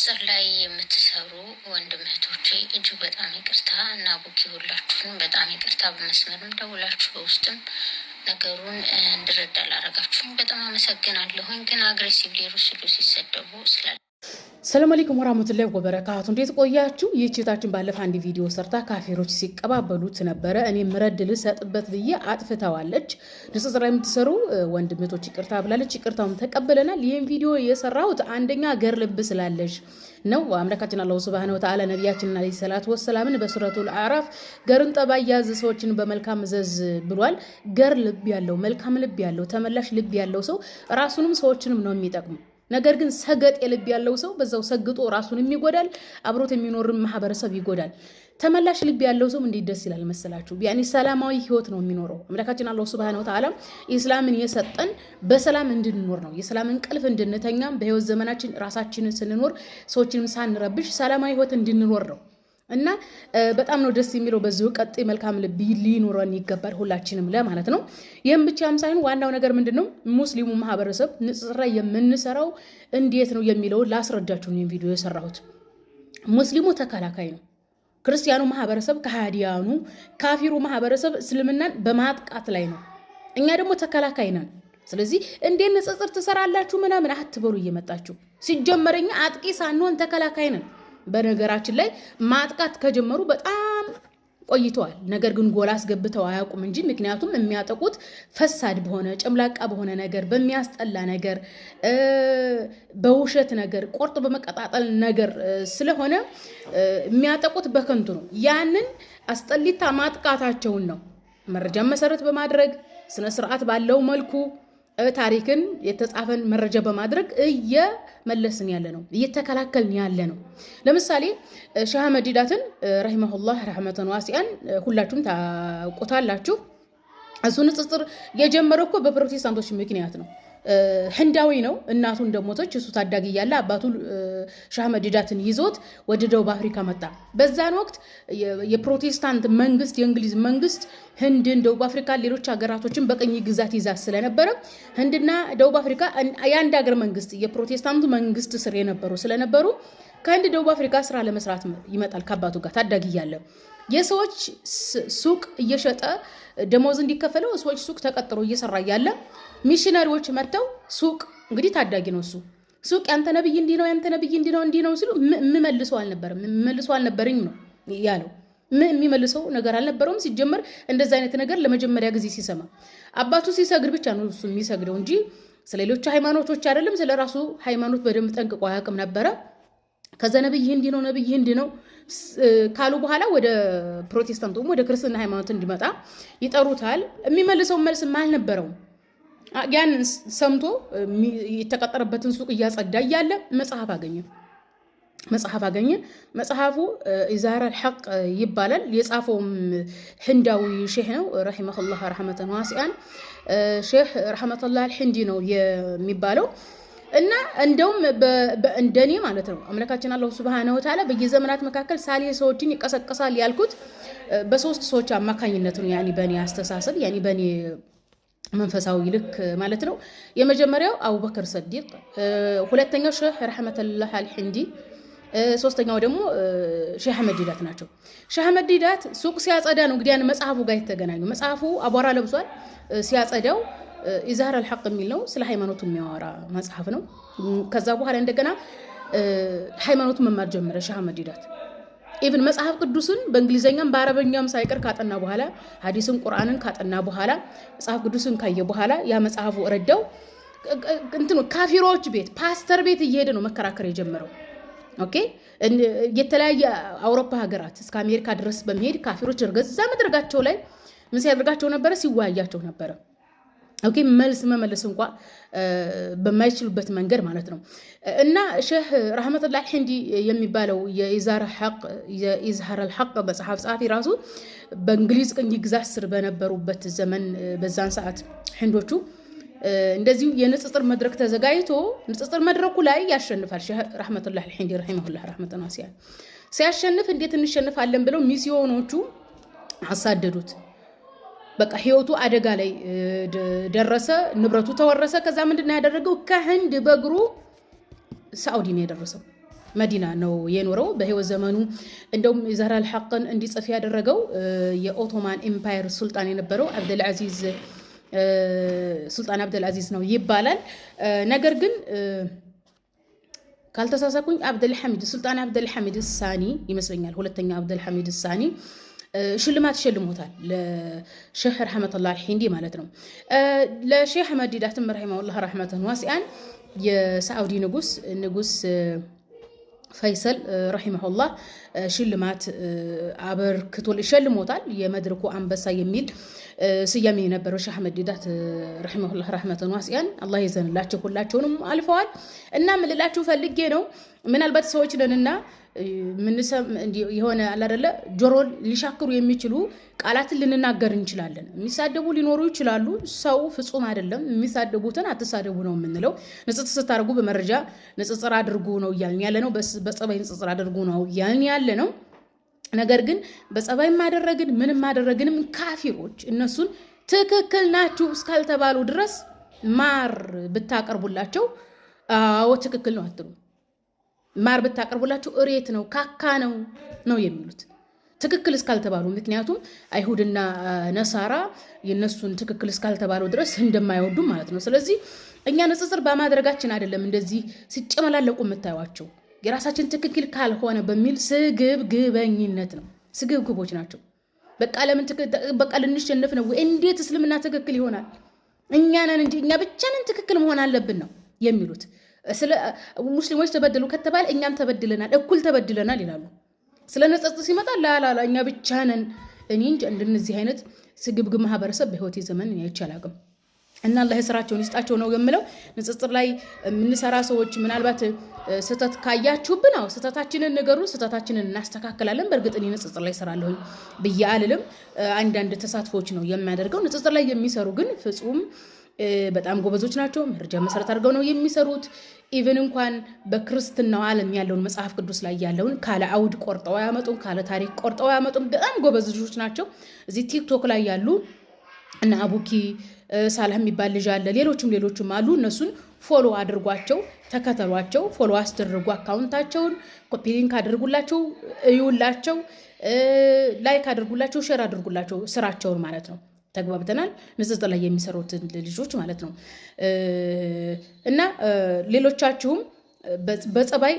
በትስስር ላይ የምትሰሩ ወንድም እህቶቼ እጅግ በጣም ይቅርታ እና ቡኪ ሁላችሁን በጣም ይቅርታ። በመስመርም ደውላችሁ በውስጥም ነገሩን እንድረዳ ላረጋችሁን በጣም አመሰግናለሁኝ። ግን አግሬሲቭሊ ሩስሉ ሲሰደቡ ስላለ ሰላም አለይኩም ወራህመቱላሂ ወበረካቱ። እንዴት ቆያችሁ? ይህች ባለፈ አንድ ቪዲዮ ሰርታ ካፌሮች ሲቀባበሉት ነበረ። እኔም ረድ ልሰጥበት ብዬ አጥፍተዋለች። ንጽጽር የምትሰሩ ወንድምቶች ይቅርታ ብላለች። ይቅርታውም ተቀብለናል። ይህን ቪዲዮ የሰራሁት አንደኛ ገር ልብ ስላለሽ ነው። አምላካችን አላሁ ስብሃነ ወተዓላ ነቢያችን አለይሂ ሰላቱ ወሰላምን በሱረቱል አዕራፍ ገርን ጠባይ ያዝ ሰዎችን በመልካም ዘዝ ብሏል። ገር ልብ ያለው መልካም ልብ ያለው ተመላሽ ልብ ያለው ሰው ራሱንም ሰዎችንም ነው የሚጠቅመው። ነገር ግን ሰገጥ የልብ ያለው ሰው በዛው ሰግጦ ራሱን ይጎዳል፣ አብሮት የሚኖርን ማህበረሰብ ይጎዳል። ተመላሽ ልብ ያለው ሰው እንዴት ደስ ይላል መሰላችሁ? ያኒ ሰላማዊ ህይወት ነው የሚኖረው። አምላካችን አላሁ ሱብሃነሁ ወተዓላ ኢስላምን የሰጠን በሰላም እንድንኖር ነው። የሰላም እንቅልፍ እንድንተኛም በህይወት ዘመናችን ራሳችንን ስንኖር ሰዎችንም ሳንረብሽ ሰላማዊ ህይወት እንድንኖር ነው። እና በጣም ነው ደስ የሚለው። በዚሁ ቀጥ መልካም ልብ ሊኖረን ይገባል ሁላችንም ለማለት ነው። ይህም ብቻም ሳይሆን ዋናው ነገር ምንድን ነው ሙስሊሙ ማህበረሰብ ንጽጽር የምንሰራው እንዴት ነው የሚለውን ላስረዳችሁ ነው ቪዲዮ የሰራሁት። ሙስሊሙ ተከላካይ ነው። ክርስቲያኑ ማህበረሰብ ከሃዲያኑ፣ ካፊሩ ማህበረሰብ እስልምናን በማጥቃት ላይ ነው። እኛ ደግሞ ተከላካይ ነን። ስለዚህ እንዴት ንጽጽር ትሰራላችሁ ምናምን አትበሉ እየመጣችሁ ሲጀመረኛ አጥቂ ሳንሆን ተከላካይ ነን። በነገራችን ላይ ማጥቃት ከጀመሩ በጣም ቆይተዋል። ነገር ግን ጎል አስገብተው አያውቁም እንጂ ምክንያቱም የሚያጠቁት ፈሳድ በሆነ ጨምላቃ በሆነ ነገር፣ በሚያስጠላ ነገር፣ በውሸት ነገር፣ ቆርጦ በመቀጣጠል ነገር ስለሆነ የሚያጠቁት በከንቱ ነው። ያንን አስጠሊታ ማጥቃታቸውን ነው መረጃን መሰረት በማድረግ ስነስርዓት ባለው መልኩ ታሪክን የተጻፈን መረጃ በማድረግ እየመለስን ያለ ነው፣ እየተከላከልን ያለ ነው። ለምሳሌ ሻህ መዲዳትን ረሂመሁላህ ረህመተን ዋሲያን ሁላችሁም ታውቁታላችሁ። እሱ ንጽጽር የጀመረ እኮ በፕሮቴስታንቶች ምክንያት ነው። ህንዳዊ ነው። እናቱ እንደሞተች እሱ ታዳጊ እያለ አባቱ ሻህመዲዳትን ይዞት ወደ ደቡብ አፍሪካ መጣ። በዛን ወቅት የፕሮቴስታንት መንግስት የእንግሊዝ መንግስት ህንድን፣ ደቡብ አፍሪካ፣ ሌሎች ሀገራቶችን በቅኝ ግዛት ይዛ ስለነበረ ህንድና ደቡብ አፍሪካ የአንድ ሀገር መንግስት የፕሮቴስታንቱ መንግስት ስር የነበሩ ስለነበሩ ከህንድ ደቡብ አፍሪካ ስራ ለመስራት ይመጣል ከአባቱ ጋር ታዳጊ እያለ የሰዎች ሱቅ እየሸጠ ደሞዝ እንዲከፈለው ሰዎች ሱቅ ተቀጥሮ እየሰራ እያለ ሚሽነሪዎች መጥተው ሱቅ እንግዲህ ታዳጊ ነው እሱ ሱቅ ያንተ ነብይ እንዲህ ነው ያንተ ነብይ እንዲህ ነው እንዲህ ነው ሲሉ የምመልሰው አልነበረም የምመልሰው አልነበረኝ ነው ያለው። የሚመልሰው ነገር አልነበረውም። ሲጀመር እንደዚ አይነት ነገር ለመጀመሪያ ጊዜ ሲሰማ አባቱ ሲሰግድ ብቻ ነው እሱ የሚሰግደው እንጂ ስለሌሎች ሃይማኖቶች አይደለም። ስለ ራሱ ሃይማኖት በደንብ ጠንቅቆ አያውቅም ነበረ። ከዛ ነብይህ እንዲህ ነው ነብይህ እንዲህ ነው ካሉ በኋላ ወደ ፕሮቴስታንት ወደ ክርስትና ሃይማኖት እንዲመጣ ይጠሩታል። የሚመልሰውን መልስም አልነበረውም። ያንን ሰምቶ የተቀጠረበትን ሱቅ እያጸዳ እያለ መጽሐፍ አገኘ። መጽሐፍ አገኘ። መጽሐፉ ኢዛራል ሐቅ ይባላል። የጻፈውም ህንዳዊ ሼህ ነው። ረሒመሁላህ ረሕመተን ዋሲያን ሼህ ረሕመቱላህ አልሕንዲ ነው የሚባለው እና እንደውም እንደኔ ማለት ነው አምላካችን አላሁ ሱብሃነሁ ወተዓላ በየዘመናት መካከል ሳሊህ ሰዎችን ይቀሰቀሳል ያልኩት በሶስት ሰዎች አማካኝነት ነው። ያኔ በእኔ አስተሳሰብ ያኔ በእኔ መንፈሳዊ ልክ ማለት ነው። የመጀመሪያው አቡበከር ሰዲቅ፣ ሁለተኛው ሼህ ረሕመቱላህ አልሕንዲ፣ ሶስተኛው ደግሞ ሼህ አህመድ ዲዳት ናቸው። ሼህ አህመድ ዲዳት ሱቅ ሲያጸዳ ነው እንግዲህ ያን መጽሐፉ ጋር የተገናኙ። መጽሐፉ አቧራ ለብሷል ሲያጸዳው ኢዛር አልሐቅ የሚል ነው። ስለ ሃይማኖቱ የሚያወራ መጽሐፍ ነው። ከዛ በኋላ እንደገና ሃይማኖቱን መማር ጀመረ ሻህ መዲዳት ኢቭን መጽሐፍ ቅዱስን በእንግሊዝኛም በአረበኛም ሳይቀር ካጠና በኋላ ሀዲስን ቁርአንን ካጠና በኋላ መጽሐፍ ቅዱስን ካየ በኋላ ያ መጽሐፉ ረዳው። እንትኑ ካፊሮች ቤት ፓስተር ቤት እየሄደ ነው መከራከር የጀመረው። ኦኬ የተለያየ አውሮፓ ሀገራት እስከ አሜሪካ ድረስ በመሄድ ካፊሮች እርገዛ መድረጋቸው ላይ ምን ሲያደርጋቸው ነበረ? ሲወያያቸው ነበረ። ኦኬ መልስ መመለስ እንኳ በማይችሉበት መንገድ ማለት ነው። እና ሼህ ረህመቱላህ ሂንዲ የሚባለው የኢዝሃር አልሐቅ መጽሐፍ ጸሐፊ ራሱ በእንግሊዝ ቅኝ ግዛት ስር በነበሩበት ዘመን በዛን ሰዓት ሂንዶቹ እንደዚሁ የንጽጽር መድረክ ተዘጋጅቶ ንጽጽር መድረኩ ላይ ያሸንፋል ሼህ ረህመቱላህ ሂንዲ ረሂመሁላህ ረህመቱላህ ሲያሸንፍ እንዴት እንሸንፋለን ብለው ሚስዮኖቹ አሳደዱት። በቃ ህይወቱ አደጋ ላይ ደረሰ። ንብረቱ ተወረሰ። ከዛ ምንድን ያደረገው ከህንድ በእግሩ ሳዑዲ ነው የደረሰው። መዲና ነው የኖረው በህይወት ዘመኑ። እንደውም የዘህራ አልሐቅን እንዲጽፍ ያደረገው የኦቶማን ኤምፓየር ሱልጣን የነበረው አብደልዚዝ ሱልጣን አብደልዓዚዝ ነው ይባላል። ነገር ግን ካልተሳሳኩኝ አብደልሐሚድ ሱልጣን አብደልሐሚድ ሳኒ ይመስለኛል። ሁለተኛ አብደልሐሚድ ሳኒ ሽልማት ሸልሞታል ለሼህ ረሕመቱላ አልሂንዲ ማለት ነው። ለሼህ አሕመድ ዲዳትም ረሒመሁላህ ረሕመተን ዋሲያን የሳዑዲ ንጉስ ንጉስ ፈይሰል ረሒመሁላህ ሽልማት አበርክቶ ሸልሞታል። የመድረኩ አንበሳ የሚል ስያሜ የነበረው ሼህ አሕመድ ዲዳት ረሒመሁላህ ረሕመተን ዋሲያን አላህ ይዘንላቸው። ሁላቸውንም አልፈዋል እና ምን ፈልጌ ነው ምናልባት ሰዎች ነንና የሆነ አላደለ ጆሮን ሊሻክሩ የሚችሉ ቃላትን ልንናገር እንችላለን። የሚሳደቡ ሊኖሩ ይችላሉ። ሰው ፍጹም አይደለም። የሚሳደቡትን አትሳደቡ ነው የምንለው። ንጽጽር ስታደርጉ በመረጃ ንጽጽር አድርጉ ነው እያልን ያለ ነው። በጸባይ ንጽጽር አድርጉ ነው እያልን ያለ ነው። ነገር ግን በጸባይ ማደረግን ምንም ማደረግንም ካፊሮች እነሱን ትክክል ናችሁ እስካልተባሉ ድረስ ማር ብታቀርቡላቸው አዎ ትክክል ነው አትሉ። ማር ብታቀርቡላቸው እሬት ነው ካካ ነው ነው የሚሉት ትክክል እስካልተባሉ ምክንያቱም አይሁድና ነሳራ የነሱን ትክክል እስካልተባሉ ድረስ እንደማይወዱ ማለት ነው። ስለዚህ እኛ ንጽጽር በማድረጋችን አይደለም እንደዚህ ሲጨመላለቁ የምታዩቸው የራሳችን ትክክል ካልሆነ በሚል ግበኝነት ነው። ስግብግቦች ናቸው። በቃ ለምን በቃ ልንሸነፍ ነው? እንዴት እስልምና ትክክል ይሆናል? እኛ ነን እንጂ እኛ ብቻ ነን ትክክል መሆን አለብን ነው የሚሉት። ሙስሊሞች ተበደሉ ከተባለ እኛም ተበድለናል፣ እኩል ተበድለናል ይላሉ። ስለ ነጸጽ ሲመጣ ላላላ እኛ ብቻ ነን። እኔ እንጂ እንደነዚህ አይነት ስግብግብ ማህበረሰብ በህይወቴ ዘመን እኔ አይቼ አላውቅም። እና አላህ ስራቸውን ይስጣቸው ነው የምለው። ንጽጽር ላይ የምንሰራ ሰዎች ምናልባት ስህተት ካያችሁብን፣ አዎ ስህተታችንን ንገሩ፣ ስህተታችንን እናስተካክላለን። በእርግጥ እኔ ንጽጽር ላይ እሰራለሁኝ ብዬ አልልም። አንዳንድ ተሳትፎች ነው የሚያደርገው። ንጽጽር ላይ የሚሰሩ ግን ፍጹም በጣም ጎበዞች ናቸው። መረጃ መሰረት አድርገው ነው የሚሰሩት። ኢቨን እንኳን በክርስትናው ዓለም ያለውን መጽሐፍ ቅዱስ ላይ ያለውን ካለ አውድ ቆርጠው አያመጡም፣ ካለ ታሪክ ቆርጠው አያመጡም። በጣም ጎበዞች ናቸው። እዚህ ቲክቶክ ላይ ያሉ እና አቡኪ ሳላህ የሚባል ልጅ አለ፣ ሌሎችም ሌሎችም አሉ። እነሱን ፎሎ አድርጓቸው፣ ተከተሏቸው፣ ፎሎ አስደርጉ፣ አካውንታቸውን ኮፒ ሊንክ አድርጉላቸው፣ እዩላቸው፣ ላይክ አድርጉላቸው፣ ሼር አድርጉላቸው፣ ስራቸውን ማለት ነው። ተግባብተናል። ንጽጽር ላይ የሚሰሩትን ልጆች ማለት ነው እና ሌሎቻችሁም በጸባይ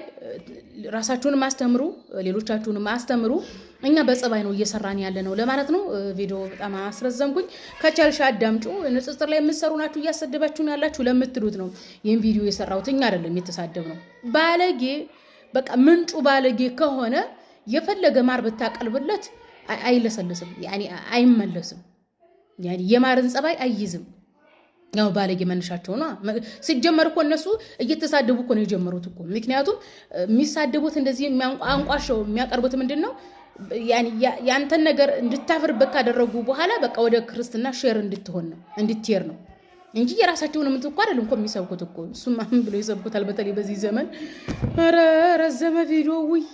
ራሳችሁን ማስተምሩ፣ ሌሎቻችሁን ማስተምሩ። እኛ በጸባይ ነው እየሰራን ያለ ነው ለማለት ነው። ቪዲዮ በጣም አስረዘምኩኝ። ከቻልሽ አዳምጩ። ንጽጽር ላይ የምትሰሩ ናችሁ እያሰደባችሁን ያላችሁ ለምትሉት ነው ይህን ቪዲዮ የሰራሁት። እኛ አይደለም የተሳደብ ነው። ባለጌ በቃ ምንጩ ባለጌ ከሆነ የፈለገ ማር ብታቀልብለት አይለሰልስም፣ አይመለስም። የማርን ጸባይ አይይዝም። ያው ባለጌ መነሻቸው ነው። ሲጀመር እኮ እነሱ እየተሳደቡ እኮ ነው የጀመሩት እኮ። ምክንያቱም የሚሳደቡት እንደዚህ አንቋሸው የሚያቀርቡት ምንድን ነው ያንተን ነገር እንድታፍርበት ካደረጉ በኋላ በቃ ወደ ክርስትና ሼር እንድትሆን ነው እንድትሄር ነው እንጂ የራሳቸውን የምትኳ አይደለም እኮ የሚሰብኩት እኮ እሱም ብሎ ይሰብኩታል? በተለይ በዚህ ዘመን ረረዘመ ቪዲዮ ውይ